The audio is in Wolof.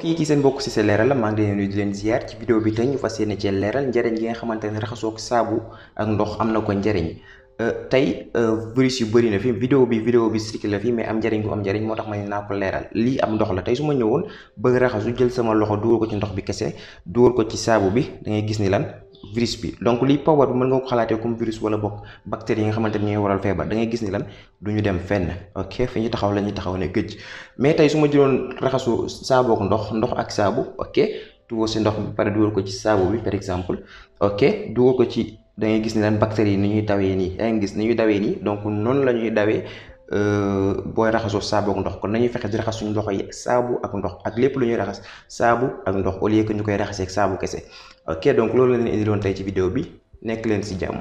kii yi ci seen bokk si seen leeral maa ngi leen nuyu di leen ziar ci vidéo bi tey ñu fas yéene cee leeral njëriñ gi nga xamante ne raxasoo ak saabu ak ndox am na ko njëriñ euh, tey euh, virus yu bëri na fi vidéo bi vidéo bi circulé la fi mais am njëriñ bu am njëriñ moo tax ma ne naa ko leeral lii am ndox la tey su ma ñëwoon bëgg raxasu jël sama loxo dugal ko ci ndox bi kese dugal ko ci saabu bi da ngay gis ni lan virus bi donc lii powar bi mën nga ko xalaatee comme virus wala bokk bactéries yi nga xamante ni ñooy waral feebar da ngay gis ni lan du ñu dem fenn ok fi ñu taxaw la ñuy taxaw ne gëj mais tey su ma jëloon raxasu saabook ndox ndox ak saabu ok tuur si ndox bi pare dugal ko ci saabu bi par exemple ok dugal ko ci da ngay gis ni lan bactéries yi ni ñuy dawee nii da ngay gis ni ñuy dawee nii donc noonu la ñuy dawee Euh, boy raxasoo saabu ak ndox kon nañu fexé di raxas suñu loxo yi saabu ak ndox ak lepp lu ñuy raxas saabu ak ndox au lieu que ñu koy raxasee ak saabu kessé ok donc loolu la leen won tay ci vidéo bi nek leen ci jàmm